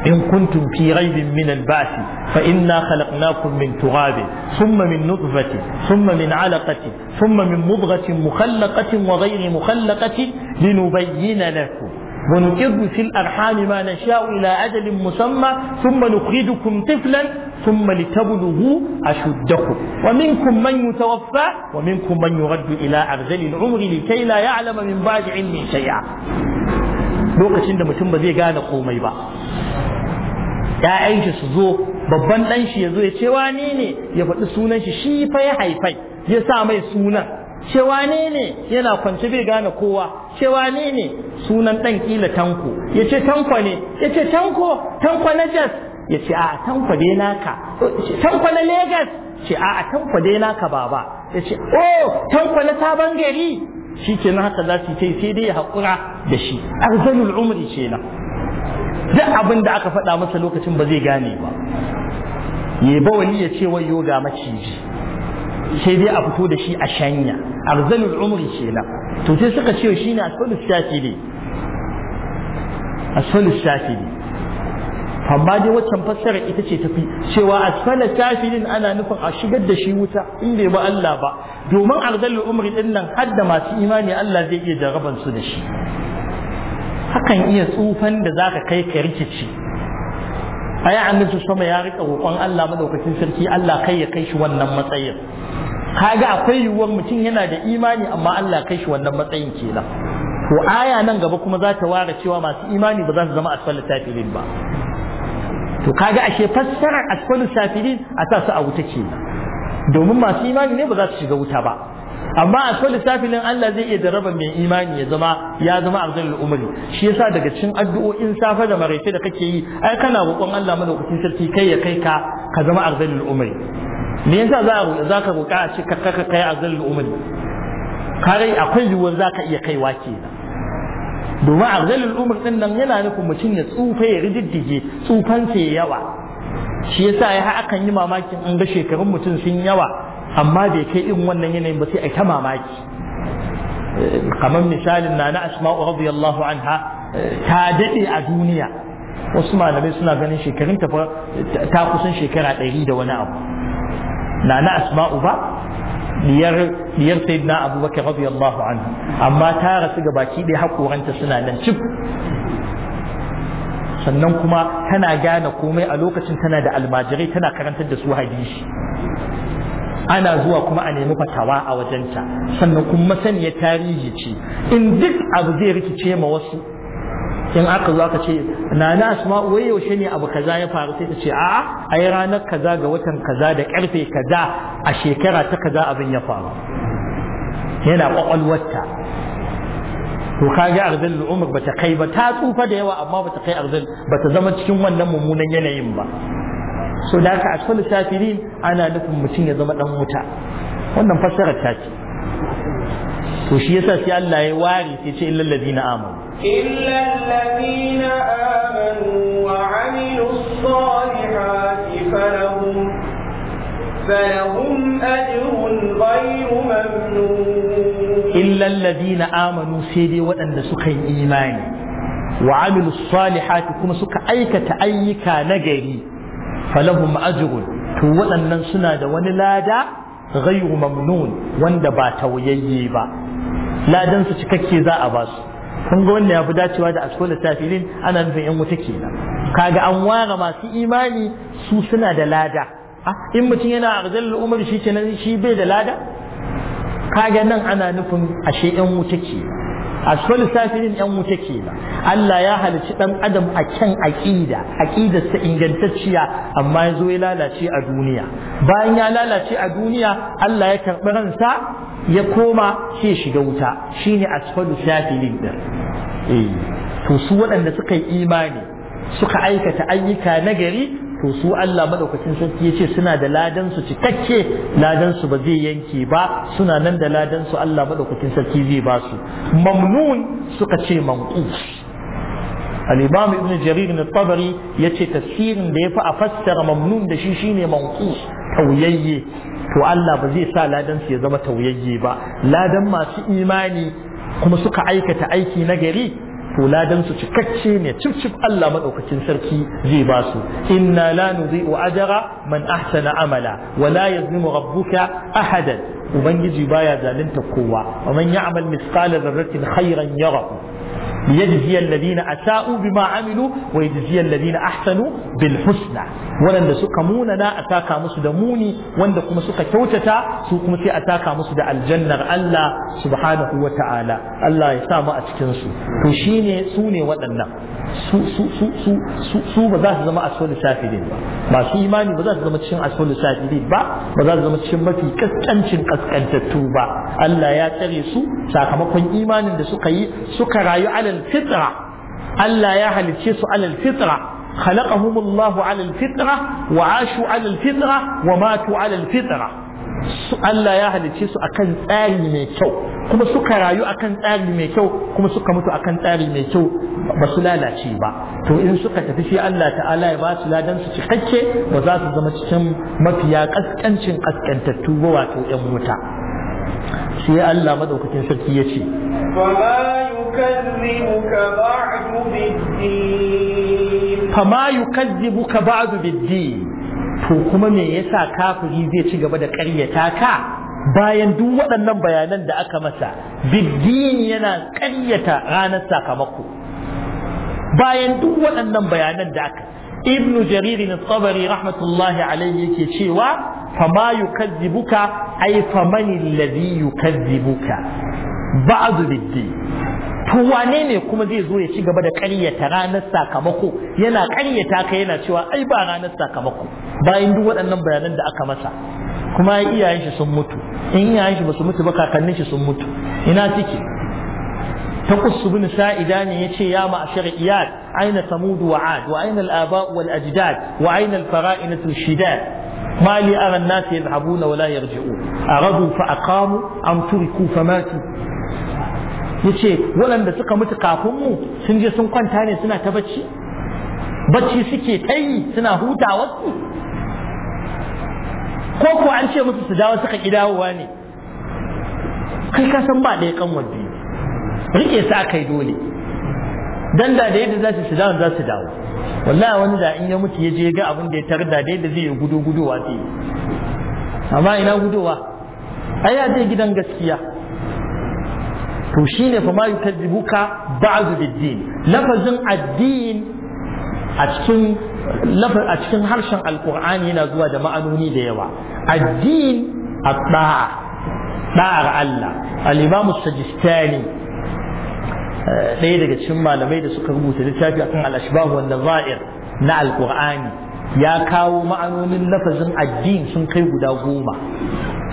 S1: إن كنتم في ريب من البعث فإنا خلقناكم من تراب ثم من نطفة ثم من علقة ثم من مضغة مخلقة وغير مخلقة لنبين لكم ونقر في الأرحام ما نشاء إلى أجل مسمى ثم نخرجكم طفلا ثم لتبلغوا أشدكم ومنكم من ila ومنكم na umri إلى أرذل العمر لكي لا يعلم من بعد علم شيئا lokacin da mutum ba zai gane komai ba ‘ya'yan shi su zo babban ɗan shi ya zo ya ce wane ne ya faɗi sunan shi shi fa ya haifai yasa mai sunan ce ne yana kwance bai gane kowa ce wane ne sunan ɗan kila tanko yace tanko ne yace tanko tanko na jaz. ya ce a tanfa dai naka tanfa na Legas ce a a tanfa dai naka baba ya ce oh tanfa na sabon gari shi ke na haka za su yi sai dai ya haƙura da shi arzalul umri ce na duk abin da aka faɗa masa lokacin ba zai gane ba ya ba wani ya ce wayo ga maciji sai dai a fito da shi a shanya arzalul umri ce na to sai suka ce shi ne asfalus shafi ne asfalus shafi ne amma dai waccan fassara ita ce tafi cewa asfala safilin ana nufin a shigar da shi wuta in bai ba Allah ba domin ardalul umri din nan har da masu imani Allah zai iya jaraban su da shi hakan iya tsufan da zaka kai ka rikici ai annabi sama ya rika roƙon Allah madaukakin sarki Allah kai ya kai shi wannan matsayin kaga akwai yiwuwar mutum yana da imani amma Allah kai shi wannan matsayin kenan to aya nan gaba kuma za ta ware cewa masu imani ba za su zama asfalta filin ba to kaga ashe fassarar asfalu safilin a sa su a wuta ce domin masu imani ne ba za su shiga wuta ba amma asfalu safilin Allah zai iya raba mai imani ya zama ya zama afdalul umri shi yasa daga cikin addu'o'in safa da maraice da kake yi ai kana roƙon Allah madaukakin sarki kai ya kai ka ka zama afdalul umri me yasa za a za ka roƙa a ce ka kai afdalul umri kare akwai yiwuwar za ka iya kaiwa kenan domin arzalin umar din nan yana nufin mutum ya tsufa ya rididdige tsufansa ya yawa shi yasa ya akan yi mamakin an ga shekarun mutum sun yawa amma bai kai irin wannan yanayin ba sai a ta mamaki kamar misalin na na asma'u radiyallahu anha ta daɗe a duniya wasu malamai suna ganin shekarun ta kusan shekara ɗari da wani abu na na asma'u ba diyar diyar sayyidina abubakar radiyallahu anhu amma ta rasu ga baki ɗaya hakoranta suna nan cif sannan kuma tana gane komai a lokacin tana da almajirai tana karantar da su hadisi ana zuwa kuma a nemi fatawa a wajenta sannan kuma masaniyar tarihi ce in duk abu zai rikice ma wasu in aka zo aka ce na na asma wai yaushe ne abu kaza ya faru sai ta ce a'a ai ranar kaza ga watan kaza da karfe kaza a shekara ta kaza abin ya faru yana kwakwalwarta to kaga arzal ba bata kai ba ta tsufa da yawa amma ta kai ba ta zama cikin wannan mummunan yanayin ba so da haka cikin lissafirin ana nufin mutum ya zama dan wuta wannan fassarar ta ce to shi yasa sai Allah ya ware sai ce illal ladina amanu
S2: إلا الذين آمنوا فلهم أجر غير ممنون
S1: إلا الذين آمنوا سيدي ودن سكي إيمان وعملوا الصالحات كما سك أيكا تأيكا نجري فلهم أجر وأن سنة ونلادا غير ممنون وأن باتوا لا دنس تككي ذا أباسو kun ga wanda ya fi dacewa da asko lissafirin ana nufin yan wuta ke nan, kaga an ware masu imani su suna da lada ah, in mutum yana arzal umar shi kenan shi bai da lada kaga nan ana nufin ashe yan wuta ke nan. asfal safirin yan wuta ke ba Allah ya halici dan adam a kan aqida aqidar sa ingantacciya amma ya zo ya lalace a duniya bayan ya lalace a duniya Allah ya karɓi ransa ya koma ke shiga wuta shine asfal safirin din eh to su waɗanda suka yi imani suka aikata ayyuka nagari to su Allah madaukakin sarki yace suna da ladan su cikakke ladan su ba zai yanke ba suna nan da ladan su Allah madaukakin sarki zai ba su mamnun suka ce manqus al-imam ibn jarir na tabari yace tafsirin da yafi a fassara mamnun da shi shine manqus tauyayye to Allah ba zai sa ladan su ya zama tauyayye ba ladan masu imani kuma suka aikata aiki na gari to ladan su cikakke ne cif cif Allah maɗaukacin sarki zai ba su inna la nudhi'u ajra man ahsana amala wa la yazlimu rabbuka ahadan ubangiji baya zalunta kowa wa man ya'mal mithqala dharratin khayran yarahu ليجزي الذين أساءوا بما عملوا ويجزي الذين أحسنوا بالحسنى ولن سكمون لا أتاكا مسدموني وان دكم سكا كوتتا سوكم سي أتاكا مسد الجنة الله سبحانه وتعالى الله يسامع أتكنسو تشيني سوني ودنا su ba za su zama asfalu safilin ba masu imani ba za su zama cikin asfalu safilin ba ba za su zama cikin mafi kaskancin kaskantattu ba Allah ya tsare su sakamakon imanin da suka yi suka rayu alal fitra Allah ya halicce su alal fitra khalaqahum Allah alal fitra wa ashu alal fitra wa matu alal fitra su Allah ya halice su akan tsari mai kyau kuma suka rayu akan tsari mai kyau kuma suka mutu akan tsari mai kyau ba su lalace ba to in suka tafi shi Allah ta'ala ya ba su ladan su cikakke ba za su zama cikin mafiya kaskancin kaskantattu ba wato yan wuta sai Allah madaukakin sarki ya ce fama yukazzibuka ba'du bid-din to kuma me yasa kafuri zai ci gaba da ƙaryata ka bayan duk waɗannan bayanan da aka masa biddini yana ƙaryata ranar sakamako bayan duk waɗannan bayanan da aka ibn jarir na tsabari rahmatullahi alaihi yake cewa Famayu Kazibuka ay famani alladhi yukazzibuka ba'du to wane ne kuma zai zo ya ci gaba da ƙaryata ranar sakamako yana ƙaryata ka yana cewa ai ba ranar sakamako bayan duk waɗannan bayanan da aka masa kuma ya iyayen shi sun mutu in iyayen shi ba su mutu ba kakannin shi sun mutu ina ciki ta kusu bin sa'ida ne ya ce ya ma'ashar iyad aina samudu wa ad wa aina al'aba wal ajdad wa aina al-fara'inatu shidad ما لي أرى الناس يذهبون ولا يرجعون أرادوا فأقاموا أم تركوا فماتوا yace waɗanda suka mutu kafin mu sun je sun kwanta ne suna ta bacci bacci suke ta yi suna hutawa su ko ko an ce musu su dawo suka ki dawowa ne kai ka san ba ɗaya kanwar biyu rike sa kai dole dan da da yadda za su dawo za su dawo wallahi wani da in ya mutu ya je ga abin da ya tarar da da yadda zai yi gudu gudowa zai yi amma ina gudowa ai ya je gidan gaskiya to shine fa ma yukadibuka ba'du bid lafazin addinin. a cikin harshen alkur'ani yana zuwa da ma'anoni da yawa addin adda'a da'ar Allah al sajistani eh, ɗaya daga cikin malamai da suka rubuta littafi akan al-ashbah wa nazair na alkur'ani ya kawo ma'anonin lafazin addin sun kai guda goma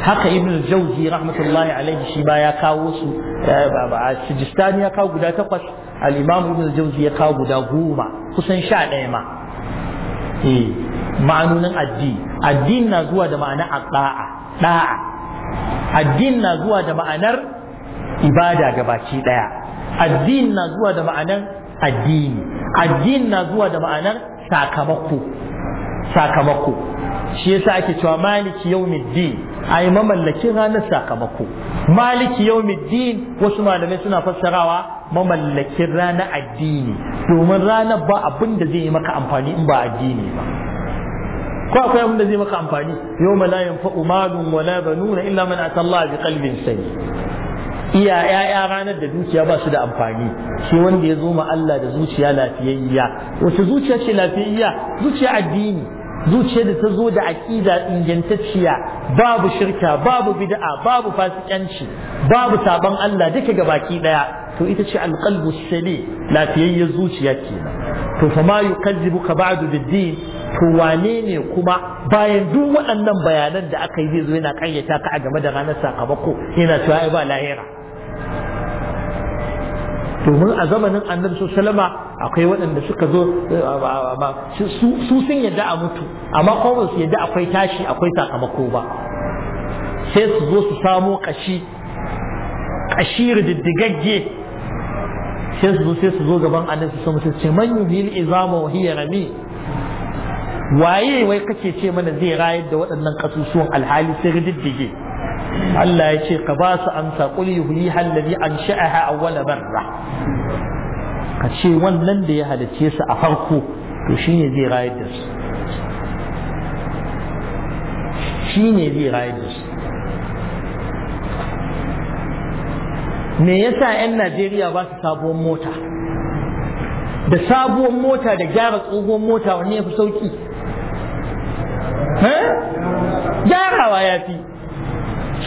S1: haka ibn jauzi rahmatullahi alaihi shi ba ya kawo su eh, Sajistani ya kawo guda takwas al-imam ibn al-jawzi ya kawo guda goma kusan sha ɗaya ma eh ma'anonin addini addini na zuwa da ma'ana ɗa'a. da'a addini na zuwa da ma'anar ibada gabaci ɗaya addini na zuwa da ma'anar addini addini na zuwa da ma'anar sakamako sakamako shi yasa ake cewa maliki yawmiddin ai mamallakin ranar sakamako maliki din wasu malamai suna fassarawa mamallakin ranar addini domin ranar ba abin da zai yi maka amfani in ba addini ba ko akwai abin da zai maka amfani yawma la yanfa'u malun wala banuna illa man ata Allah bi qalbin sayyi iya ya'ya ranar da dukiya ba su da amfani shi wanda ya zo ma Allah da zuciya lafiyayya wace zuciya ce lafiyayya zuciya addini zuciyar da ta zo da aƙida ingantacciya babu shirka babu bid'a babu fasikanci babu saban Allah duka ga baki daya to ita ce alqalbu sali lafiyayyar zuciya kenan to fa ma yukadzibuka ba'du bid-din to wane ne kuma bayan duk waɗannan bayanan da aka yi zai zo yana ƙayyata ka a game da ranar sakamako yana cewa ai ba lahira domin a zamanin annabi sallama akwai waɗanda suka zo su sun yadda a mutu amma kuma ba su yadda akwai tashi akwai sakamako ba sai su zo su samo kashi kashi rididdigagge sai su zo sai su zo gaban annan su sai ce man yuhil izama wa hiya rami waye wai kake ce mana zai rayar da waɗannan kasusuwan alhali sai rididdige Allah ya ce ka ba su amsa qul yuhliha alladhi ansha'aha awwala barra a ce wannan da ya halicce su a farko to shine zai rayar da su shine zai rayar da su me yasa 'yan najeriya ba su sabuwar mota da sabuwar mota da gyara tsohuwar mota wanne ya fi sauki gyarawa ya fi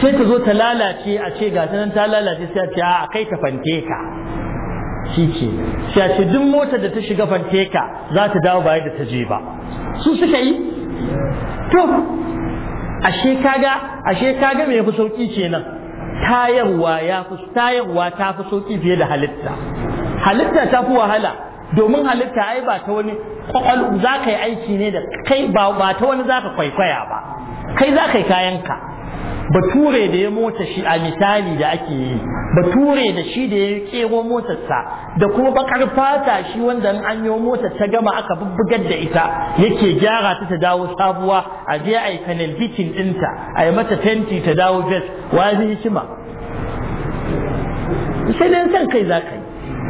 S1: sai ka zo ta lalace a ce ga ta nan ta lalace sai a ce a kai ta fanke ka shi ke shi duk motar da ta shiga fanteka za ta dawo baya da ta je ba su suka yi to ashe kaga ashe kaga me fi sauki kenan tayarwa ya fi tayarwa ta fi sauki fiye da halitta halitta ta fi wahala domin halitta ai ba ta wani kwakwal za ka yi aiki ne da kai ba ta wani za ka kwaikwaya ba kai za ka yi kayanka bature da ya mota shi a misali da ake yi bature da shi da ya kero motarsa da kuma bakar fata shi wanda an yi motar ta gama aka bubbugar da ita yake gyara ta ta dawo sabuwa a je a yi bikin ɗinta a yi mata fenti ta dawo vest wa zai hikima sai dai san kai za ka yi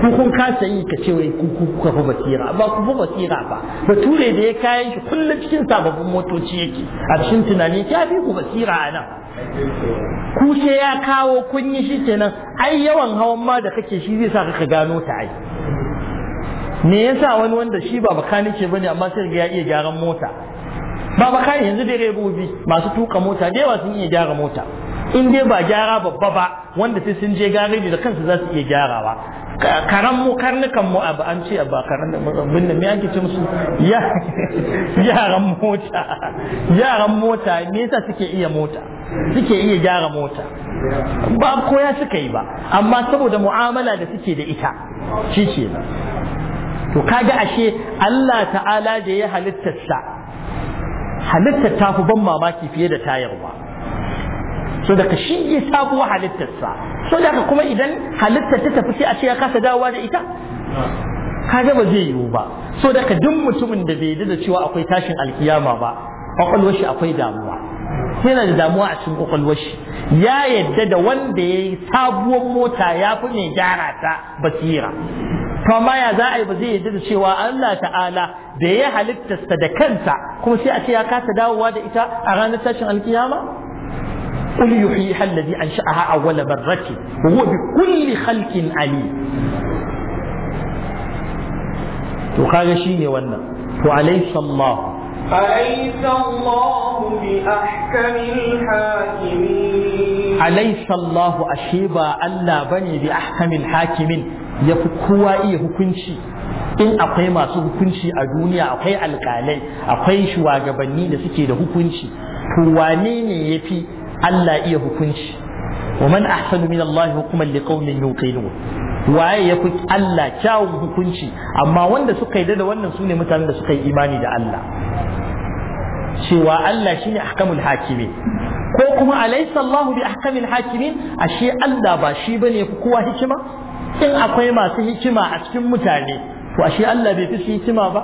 S1: ku kun kasa yi ka ce wai ku kuka fi basira ba ku fa basira ba bature da ya kayan shi kullum cikin sababbin motoci yake a cikin tunani ya fi ku basira a nan ku ce ya kawo kun yi shi kenan ai yawan hawan ma da kake shi zai sa ka gano ta ai me yasa wani wanda shi ba bakanike bane amma sai ga ya iya gyaran mota ba bakani yanzu da direbobi masu tuka mota da yawa sun iya gyara mota in dai ba gyara babba ba wanda sai sun je gareji da kansu za su iya gyarawa karan mu karnukan mu abu an ce ba karan mun da me ake ce musu yaran mota yaran mota me yasa suke iya mota suke iya gyara mota ba koya suka yi ba amma saboda mu'amala da suke da ita shi ce to kaga ashe Allah ta'ala da ya halittarsa halitta ta fi ban mamaki fiye da tayarwa so daga shi ya sabuwa halittarsa so daga kuma idan halittar ta tafi sai a ce ya kasa dawowa da ita ga ba zai yiwu ba so daga duk mutumin da bai da cewa akwai tashin alkiyama ba kwakwalwar shi akwai damuwa yana da damuwa a cikin kwakwalwar shi ya yadda da wanda ya yi sabuwar mota ya fi mai gyara ta basira to amma ya za a yi ba zai yadda da cewa Allah ta'ala da ya halittarsa da kansa kuma sai a ce ya kasa dawowa da ita a ranar tashin alkiyama قل يحييها الذي أنشأها أول مرة وهو بكل خلق عليم وقال شيني وانا وأليس الله
S2: أليس الله بأحكم الحاكمين أليس
S1: الله أشيبا ألا بني بأحكم الحاكمين يفكوا إيه كنشي in akwai masu hukunci a duniya akwai alkalai akwai shugabanni da suke da hukunci to wane ne ya Allah iya hukunci wa man ahsanu min Allah hukuman liqaumin yuqinun waye ya fi Allah kyawun hukunci amma wanda suka yi da wannan sune mutanen da suka yi imani da Allah cewa Allah shine ahkamul hakimin ko kuma alaysa Allah bi ahkamil hakimin ashe Allah ba shi bane fi kowa hikima in akwai masu hikima a cikin mutane to ashe Allah bai fi hikima ba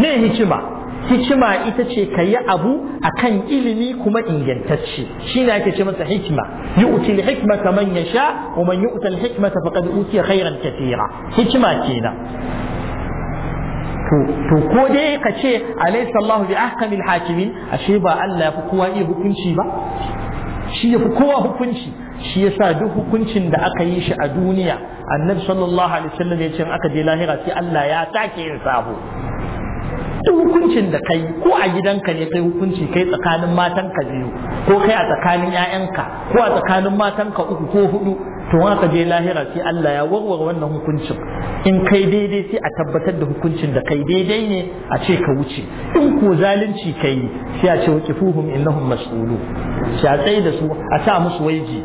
S1: ne hikima hikima ita ce ka yi abu kan ilimi kuma ingantacce shi ne ake ce masa hikima yu'ti hikima ta man sha, kuma man yu'ta al-hikmata faqad utiya khayran katira hikima kenan to ko dai ka ce alaysa Allahu bi ahkamil hakimin ashe ba Allah ya fi kowa iya hukunci ba shi ya fi kowa hukunci shi yasa duk hukuncin da aka yi shi a duniya annabi sallallahu alaihi wasallam ya ce aka je lahira sai Allah ya take yin sabo duk hukuncin da kai ko a gidanka ne kai hukunci kai tsakanin ka biyu ko kai a tsakanin 'ya'yanka ko a tsakanin matanka uku ko hudu to haka je lahira sai Allah ya warware wannan hukuncin in kai daidai sai a tabbatar da hukuncin da kai daidai ne a ce ka wuce in ko zalunci kai sai a ce waqifuhum innahum mas'ulu sai a tsaye da su a sa musu waiji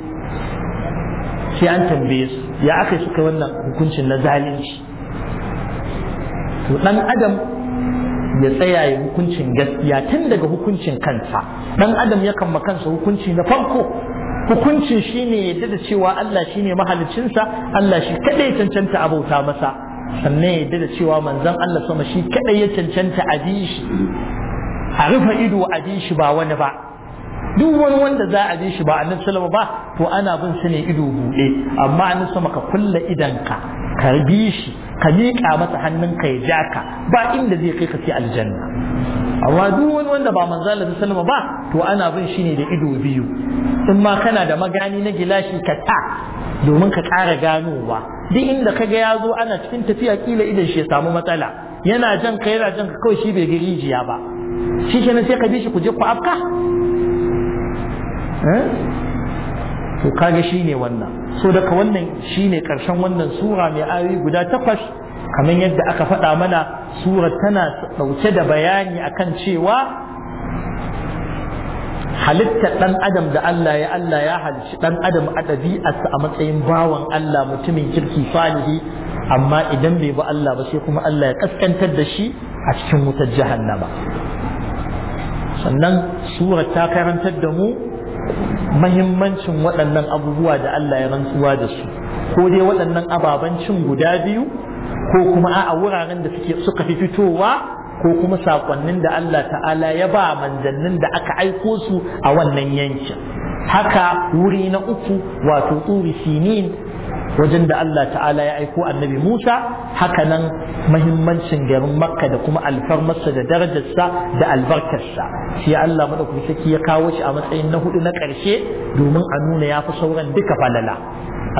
S1: sai an tambaye su ya aka suka wannan hukuncin na zalunci to dan adam ya tsaya ya hukuncin gaskiya tun daga hukuncin kansa dan adam yakan ma kansa hukunci na farko hukuncin shine yadda da cewa Allah shine mahalicinsa Allah shi kadai ya cancanta abauta masa sannan yadda da cewa manzon Allah sama shi kadai ya cancanta a bi a rufe ido a shi ba wani ba duk wani wanda za a bi shi ba annabi sallama ba to ana bin su ne ido buɗe amma annabi sama ka kulle idanka ka bi shi ka miƙa masa hannunka ya ja ka ba inda zai kai ka sai aljanna amma duk wani wanda ba manzo Allah sallama ba to ana bin shi ne da ido biyu in ma kana da magani na gilashi ka ta domin ka ƙara ganowa duk inda kaga ya zo ana cikin tafiya kila idan shi ya samu matsala yana jan ka yana jan ka kawai shi bai ga rijiya ba shi kenan sai ka bi shi ku je ku afka eh? to kaga shine wannan so daga wannan shine karshen wannan sura mai ayoyi guda takwas kamar yadda aka faɗa mana sura tana ɗauke da bayani akan cewa halittar ɗan adam da Allah ya Allah ya halicci ɗan adam a ɗabi'arsa a matsayin bawan Allah mutumin kirki salihi amma idan bai bi Allah ba sai kuma Allah ya kaskantar da shi a cikin wutar jahannama sannan surar ta karantar da mu mahimmancin waɗannan abubuwa da Allah ya rantsuwa da su ko dai waɗannan ababen cin guda biyu ko kuma a wuraren da suka fi fitowa ko kuma saƙonnin da Allah ta'ala ya ba manzannin da aka aiko su a wannan yankin haka wuri na uku wato tsuri sinin wajen da Allah ta'ala ya aiko annabi Musa hakanan mahimmancin garin Makka da kuma alfarmarsa da darajarsa da albarkarsa shi Allah madaukakin ya kawo shi a matsayin na hudu na ƙarshe domin a nuna ya fi sauran duka falala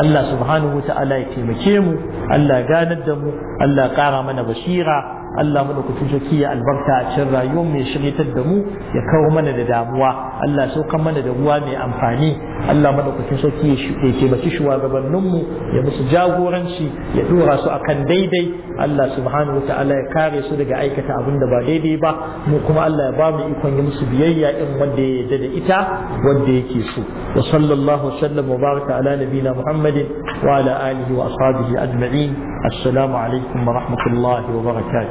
S1: Allah subhanahu wa ta'ala ya taimake mu Allah ganar da mu Allah ƙara mana basira Allah madaukakin sarki ya albarka a cikin rayuwar mai shiryatar da mu ya kawo mana da damuwa Allah kan mana da ruwa mai amfani Allah madaukakin sarki ya taimaki shugabannin mu ya musu jagoranci ya dora su akan daidai Allah subhanahu wataala ya kare su daga aikata abin da ba daidai ba mu kuma Allah ya ba mu ikon yi musu biyayya in wanda ya yarda da ita wanda yake so wa sallallahu sallam wa baraka ala nabina muhammadin wa ala alihi wa ashabihi ajma'in assalamu alaikum wa rahmatullahi wa